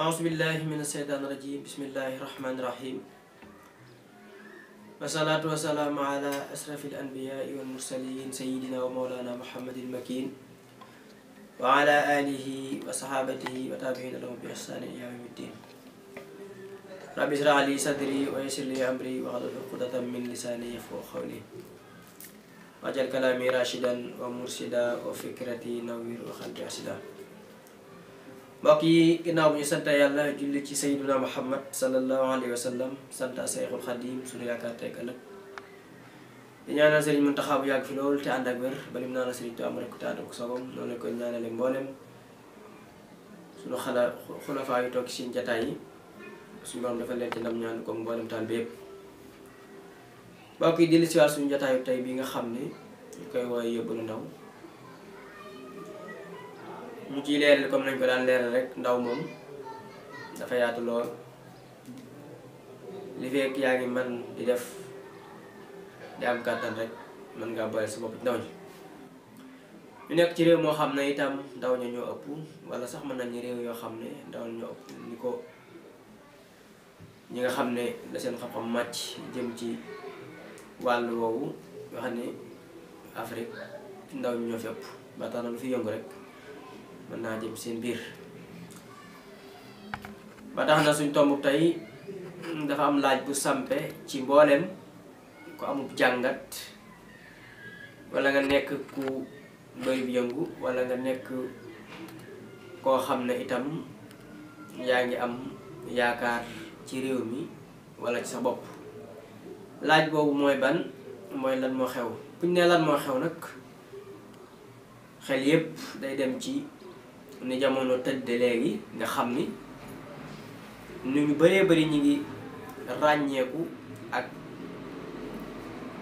أعوذ بالله من الشيطان الرجيم بسم الله الرحمن الرحيم والصلاة والسلام على أشرف الأنبياء والمرسلين سيدنا ومولانا محمد المكين وعلى آله وصحابته وتابعين لهم بإحسان إلى يوم الدين رب اشرح لي صدري ويسر لي أمري واحلل عقدة من لساني يفقهوا قولي واجعل كلامي راشدا ومرشدا وفكرتي نوير وخلقي أرشدا mbokk yi ginnaaw bu ñu sant yàlla julli ci sayyiduna muhammad sallallahu alayhi wa sallam santa seyxul xadim suñu yaakaar tey ëllëg di ñaanal sëriñ Muntaxa bu yàgg fi lool te ànd ak wér balim naa la sëriñ tu am mboolem suñu xala xulafaa yu toog ci jataay yi suñu borom dafa leen ci ndam ñaan ko mboolem taal bi yëpp mbokk yi dellu si waat suñu jataayu tey bi nga xam ni ñu koy wooye yóbbalu ndaw mu ci leeral comme nañ ko daan leeral rek ndaw mom dafa yaatu lool li fekk yaa ngi man di def di am kàttan rek mën nga boole sa bopp ndaw ñi ñu nekk ci réew moo xam ne itam ndaw ña ñoo ëpp wala sax mën nañu réew yoo xam ne ndaw ñoo ëpp ni ko ñi nga xam ne seen xam-xam màcc jëm ci wàll woowu nga xam ne Afrique ndaw ñi ñoo fi ëpp ba tax na lu fi yëngu rek mën naa jëm seen biir ba tax na suñ tomb tey dafa am laaj bu sampe ci mboolem ku amub jàngat wala nga nekk ku doyub yëngu walla nga nekk koo xam ne itam yaa ngi am yaakaar ci réew mi wala ci sa bopp laaj boobu mooy ban mooy lan moo xew buñ ne lan moo xew nag xel yépp day dem ci ni jamono tëdde léegi nga xam ni ñu baree bëree ñu ngi ràññeeku ak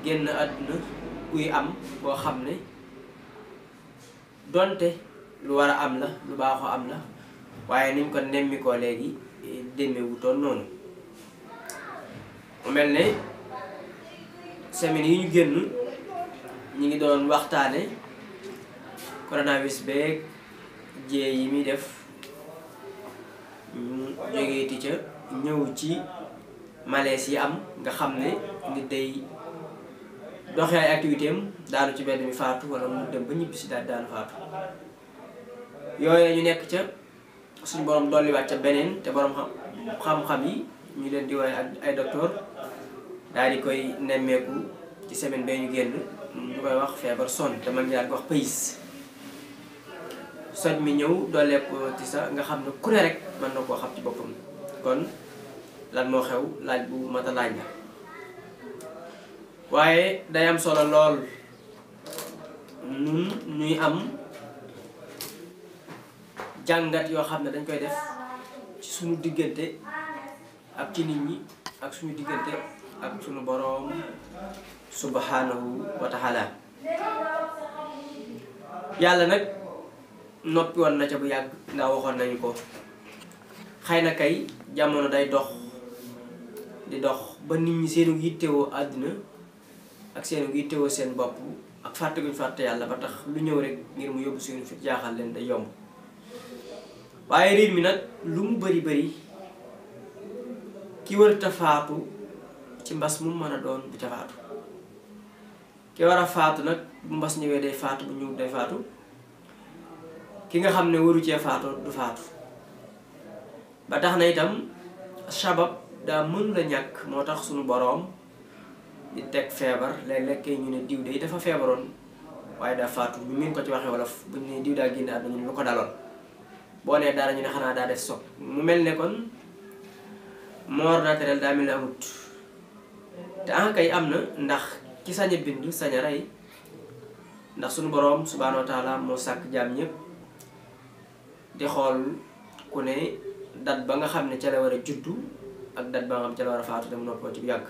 génn àdduna kuy am boo xam ne donte lu war a am la lu baaxoo am la waaye niñ ko nemmikoo léegi eh, demeewutoon noonu mel ne semaine yi ñu génn ñu ngi doon waxtaane coronavirus beeg jee yi muy def mu jógeeti ca ñëw ci malaise yi am nga xam ne nit day doxee ay activité am ci benn mi faatu wala mu dem ba ñibbi si daal daanu faatu yooyee ñu nekk ca suñ borom dolliwaat ca beneen te borom xam-xam yi ñu leen di woowee ak ay docteur daal di koy nemmeeku ci semaine bee ñu génn ñu koy wax feebar sonn te man ñaar wax pays soj mi ñëw dooleeg ko tisa nga xam ne ku rek mën na koo xam ci boppam kon lan moo xew laaj bu mata laaj la waaye day am solo lool nun ñuy am jàngat yoo xam ne dañ koy def ci suñu diggante ak ci nit ñi ak suñu diggante ak suñu boroom subhanahu wa taala yàlla nag noppi woon na ca bu yàgg ndax waxoon nañu ko xëy na kay jamono day dox di dox ba nit ñi seenu yittewoo àddina ak seenu yittewoo seen bopp ak fàtte guñ fàtte yàlla ba tax lu ñëw rek ngir mu yóbbu suñu fi jaaxal leen day yomb waaye riir mi nag lu mu bari bari ki war a faatu ci mbas mu mën a doon bu ca faatu ki war a faatu nag bu mbas ñëwee day faat bu ñëw day faatu ki nga xam ne waru cee faatoo du faatu ba tax na itam sabab daa mën la ñàkk moo tax suñu boroom di teg feebar léeg-léeg ñu ne diw day dafa feebaroon waaye daa faatu ñu miin ko ci waxee wolof ne diw daa génn àdduna ñu ne ko daloon boo nee dara ñu ne xanaa daa def soog mu mel ne kon mort naturelle daa mel ne amut te en kay am na ndax ci sañ a bind sañ a rey ndax suñu boroom subhaanahu wa moo sàkk jaam ñëpp di xool ku ne dat ba nga xam ne ca war a juddu ak dat ba nga xam ca la war a faatu dem noppoo ci yàgg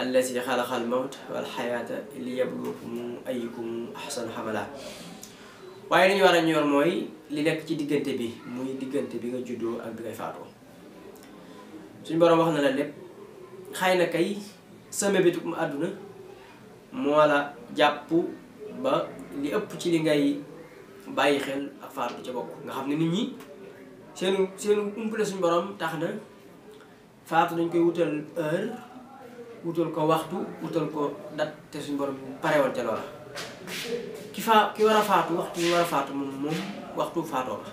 allati xalaqa al mawt wal xayaata li yabluwakum ayyukum ahsanu xamala waaye li war a ñor mooy li nekk ci diggante bi muy diggante bi nga juddoo ak bi ngay faatoo suñu boroom wax na la lépp xëy na kay sa mébétum àdduna moo la jàpp ba li ëpp ci li ngay bàyyi xel ak faatu ca bokk nga xam ne nit ñi seen seen umpale suñ borom tax na faatu dañ koy wutal heure wutal ko waxtu wutal ko date te suñu borom pareewal ca loola ki faa ki war a faatu waxtu bi war a faatu moom moom waxtu faatoo la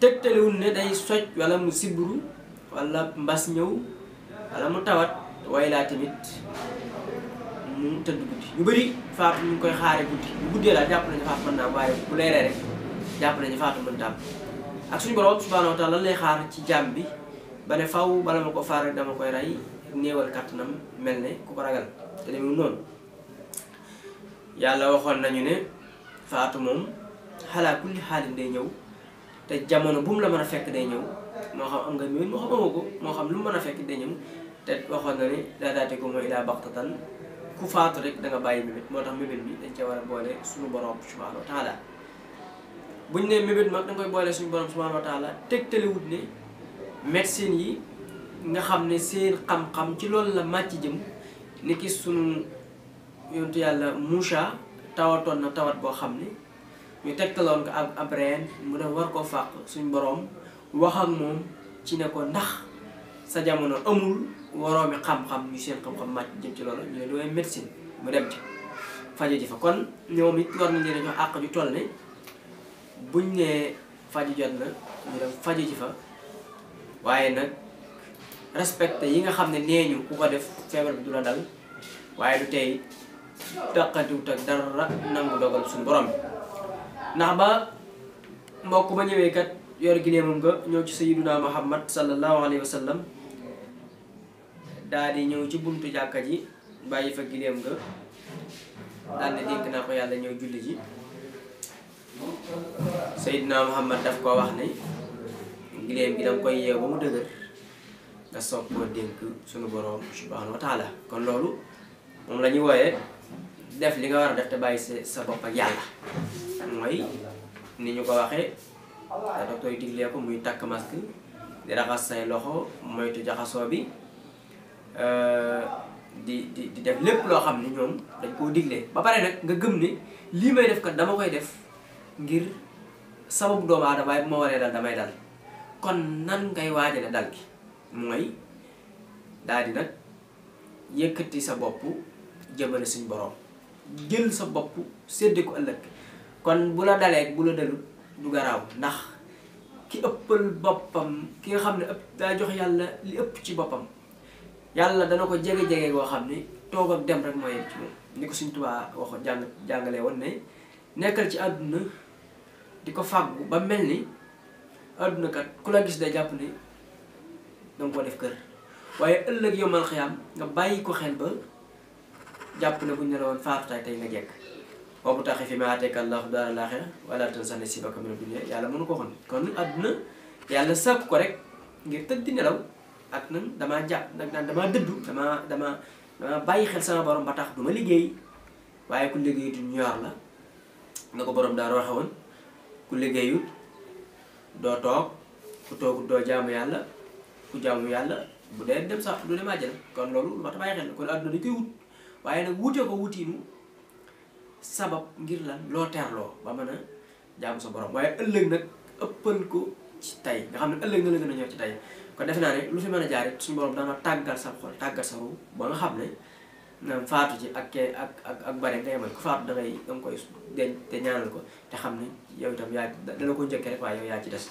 tegtaliwul ne day soj wala mu sibru wala mbas ñëw wala mu tawat waaye laa tamit mu tëdd guddi ñu bëri faatu ñu koy xaare guddi bu guddee daal jàpp nañu faatu mën naa waaye bu leeree rek jàpp nañu faatu mën taam ak suñu borom subhanahu wa taala lan xaar ci jàmm bi ba ne faw bala ma ko faar rek dama koy rey néewal kàttanam mel ne ku ko ragal te demul noonu yàlla waxoon nañu ne faatu moom xalaa kulli xaalin day ñëw te jamono bu la mën a fekk day ñëw moo xam am nga miin moo xam amoo ko moo xam lu mu mën a fekk day ñëw te waxoon na ko mooy daa ku faatu rek da bàyyi mébét moo tax mébét bi dañ cee war a boole suñu borom subhanahu wa taala buñ ne mébét mag da nga koy boole suñu borom subhanahu wa taala tegtaliwut ne médecine yi nga xam ne seen xam-xam ci loolu la màcc jëm ni ki sunu yontu yàlla Moussa tawatoon na tawat boo xam ne ñu tegtaloon ko ak ab reen mu def war koo fàq suñu boroom wax ak moom ci ne ko ndax sa jamono amul waroomi xam-xam ñu seen xam-xam màcc jëm ci loolu ñu ne dooy médecine mu dem ci fajo ji fa kon ñoom it war nañ leen jox àq ju jot na ñu dem fajo ji fa waaye nag respecte yi nga xam ne nee ñu ko def feebar bi du la dal waaye du tey taqatiwut ak dara nangu dogal suñu borom ndax ba mbokk ba ñëwee yor gi ne nga ñëw ci sayyiduna Muhammad sallallahu alayhi wa sallam daal di ñëw ci buntu jàkka ji bàyyi fa gileem nga daal di dénk naa ko yàlla ñëw julli ji Seydina Muhammad daf koo wax ne gileem gi danga koy yeew ba mu dëgër nga soog koo dénk sunu boroom subhanahu wa taala kon loolu moom la ñuy wooyee def li nga war a def te bàyyi sa sa bopp ak mooy ni ñu ko waxee te docteur diglee ko muy takk masque di raxas say loxo moytu jaxasoo bi Euh, di di di def lépp loo xam ni ñoom dañ koo digle ba pare nag nga gëm ni lii may def ko dama koy def ngir sababu doomu aadama yi bu ma waree dal damay dal kon nan ngay waajale dal gi mooy daal di nag yëkkati sa bopp jëmale suñ borom jël sa bopp sédde ko ëllëg kon bu la dalee bu la dalut du garaaw ndax ki ëppal boppam ki nga xam ne ëpp daa jox yàlla li ëpp ci boppam yàlla dana ko jege-jege goo xam ne toog ak dem rek mooy yem ci moom ni ko suñ tubaa wax jàng jàngalee woon ne nekkal ci àdduna di ko fàggu ba mel ni àdduna kat ku la gis day jàpp ne danga ko def kër waaye ëllëg yomal xiyam nga bàyyi ko xel ba jàpp ne bu ñu ne woon faatu tay tey nga jekk boobu taxi fi ma ateeka allahu daara laaxira wala tan sànni si bakka mina dunya yàlla mënu ko xon kon àdduna yàlla sàkk ko rek ngir tëdd di nelaw ak nan damaa jàpp nag daal damaa dëddu damaa damaa bàyyi xel sama borom ba tax du ma liggéey waaye ku liggéey du ñor la na ko borom daal waxee woon ku liggéeyut doo toog ku toogut doo jaamu yàlla ku jaamu yàlla bu dee dem sax du dem àjjana kon loolu moo tax bàyyi xel kon àdduna dañ koy wut waaye nag wutee ko ngir lan loo teerloo ba mën a jaamu sa borom waaye ëllëg nag ëppal ko ci tey nga xam ne ëllëg na la gën ci tey kon defe naa ne lu fi mën a jaar suñ suñu borom dana tàggal sa xol tàggal sa ba nga xam ne na faatu ci ak ke ak ak ak bare nga yemal ku faatu da ngay koy denc te ñaanal ko te xam ne yow tam yaa dana ko njëkkee rek waaye yow yaa ci des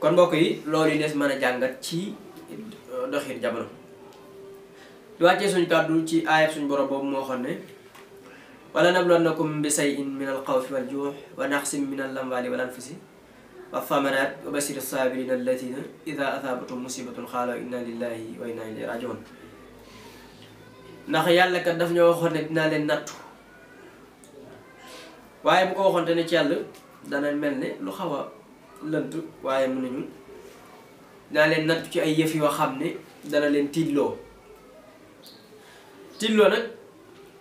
kon mbokk yi loolu yi des mën a jàngat ci euh, doxin jamono di wàccee suñu kàddu ci aayab suñu borom boobu moo xam ne wala nabluwannakum bi shay'in min al xawfi wal juux wa naqsin min al amwaali fi si والثمرات وبشر الصابرين الذين إذا أثابتهم مصيبة a إنا لله وإنا إليه راجعون ndax yàlla kat daf ñoo waxoon ne dinaa leen nattu waaye bu ko waxoon ne ci yàlla dana mel ne lu xaw lënt waaye mën nañu dinaa leen nattu ci ay yëf yoo xam ne dana leen tiitloo tiitloo nag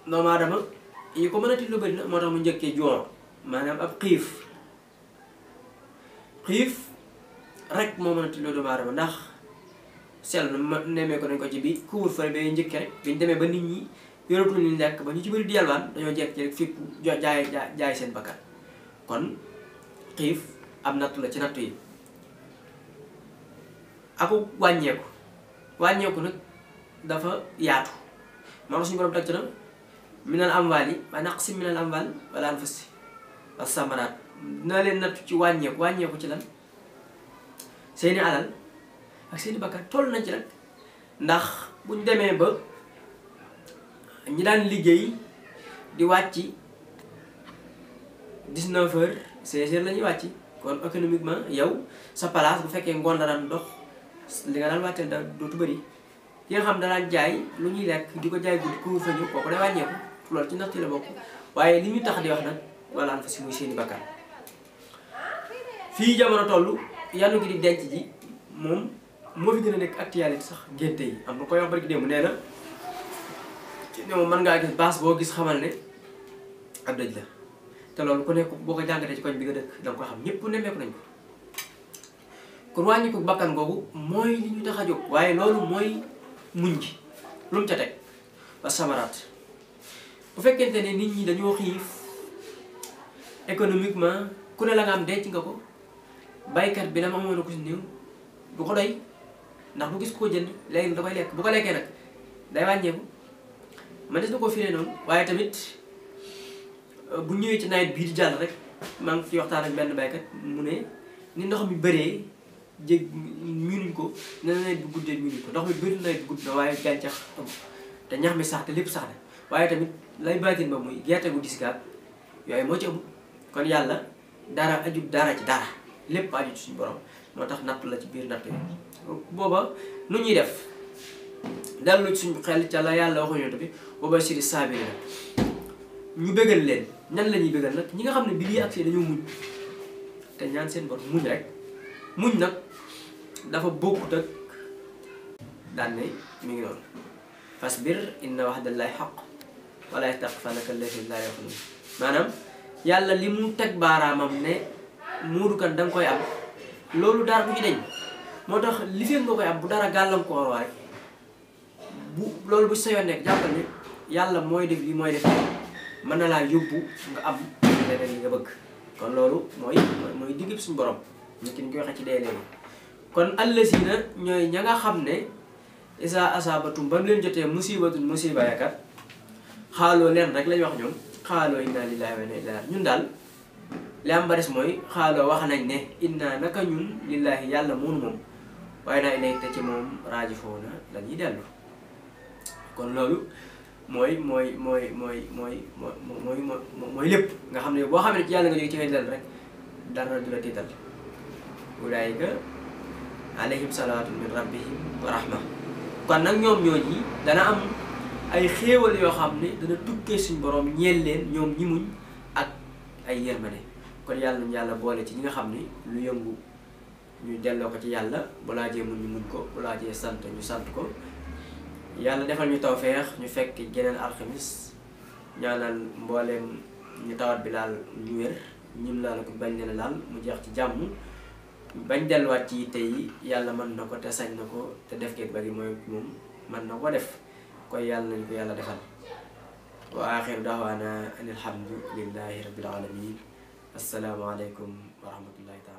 doomu aadama yi ko mën a tiitloo bëri na moo tax mu njëkkee joor maanaam ab xiif xiif rek moo mën a tulloo doomu aadama ndax seetlu na nemmee ko nañ ko ci bi couvre-feu njëkk njëkke rek biñ demee ba nit ñi yoratuñ ñu lekk ba ñu ci bëri di yalwaan dañoo jekk ci rek fipp jaay jaay seen bakkan kon xiif am nattu la ci nattu yi aku wàññeeku wàññeeku nag dafa yaatu maam suñu borom teg ci na minal amwaal yi ba naq si minal amwaal wala anfusi wa samaraat naa leen nattu ci wagne ko wagne ko ci lan seeni alal ak seeni bakkar tol na ci rek ndax buñ démé ba ñi daan liggéey di wàcc 19 h c'est heures lañu ñuy kon économiquement yow sa place bu fekkee ngoon la daan dox li nga daan wàcceel da dootu bëri ki nga xam da daan jaay lu ñuy lek diko ko jaay guddi ku fa ñëw kooku day ko lool ci ndax yi la bokk waye li ñu tax di wax nak wala fa ci muy seeni bakkar fii jamono toll yàlla gi di denc ji moom moo fi gën a nekk actualité sax génte yi am na koy wax barki démb nee na ne moom mën ngaa gis baas boo gis xamal ne ab dëj la te loolu ku nekk boo ko jàngatee ci koñ bi nga dëkk da nga ko xam ñëpp nemmeeku nañ ko ko bakkan googu mooy waaye loolu mooy muñ gi lu mu ca teg ba samaraat bu fekkente ne nit ñi dañoo xiif économiquement ku ne la nga am denc nga ko baykat bi na mu amoon a ko si néew du ko doy ndax bu gis koo jënd léegi da koy lekk bu ko lekkee nag day wàññeeku man des na ko firee noonu waaye tamit euh, bu ñëwee ci nawet bii di jàll rek maa ngi fi waxtaan ak benn baykat mu ne ni ndox mi bëree jég miinuñ ko ne nawet bi guddee miinuñ ko ndox mi bëri nawet bi gudd na waaye gàncax amul te ñax mi sax te lépp sax na waaye tamit lay baatin ba muy gerte gu dis gaab yooyu moo ci amul kon yàlla dara ajub dara ci dara lépp aju ci suñu moo tax natt la ci biir natt yi booba nu ñuy def dallu ci suñu xel ca la yàlla waxoon yonent bi booba siri saabiri nag ñu bëggal leen ñan la ñuy bëggal nag ñi nga xam ne bi lii ak dañoo muñ te ñaan seen borom muñ rek muñ nag dafa bokkut ak daan mu ngi noonu fasbir inna waxdallahi xaq wala taqfa naka lati laa yaqulun maanaam yàlla li mu teg baaraamam ne muudu kan da koy am loolu dara bu ci dañ moo tax li fi nga koy am bu dara gàllankoor rek bu loolu bu sa yoon nekk jàppal ni yàlla mooy def li mooy def mën na laa yóbbu nga am leneen li nga bëgg kon loolu mooy mooy diggib suñu borom nit koy waxee ci dee kon allazina ñooy ña nga xam ne isa asaabatum ba mu leen jotee musibatun musiba yakat xaaloo leen rek lañ wax ñoom xaaloo inna lillahi wa inna ilayhi ñun daal li am ba mooy xaaloo wax nañ ne inna naka ñun lillaahi yàlla moonu moom waaye naa ilay te ci moom raajifoona la dellu kon loolu mooy mooy mooy mooy mooy mooy mooy lépp nga xam ne boo xam ne ci yàlla nga jóge rek dara du la tiital nag ñoom ñooñi dana ay xéewal yoo xam ne dana tukkee suñ borom ñeel leen ñoom ñi muñ ak ay yërmande kon yàlla nañu yàlla boole ci ñi nga xam ni lu yëngu ñu delloo ko ci yàlla bu laajee mun ñu mun ko bu laajee sant ñu sant ko yàlla defal ñu tawfeex ñu fekk geneen alxamis ñaanal mbooleem ñu tawat bi laal ñu wér bañ leen laal mu jeex ci jàmm bañ delluwaat ci yitte yàlla man na ko te sañ na ko te def keek bari mooy moom mën na ko def kon yàlla nañu ko yàlla defal wa axiru daawaana an alhamdu lillahi rabbil alamin asalaamaaleykum wa rahmatullahi taala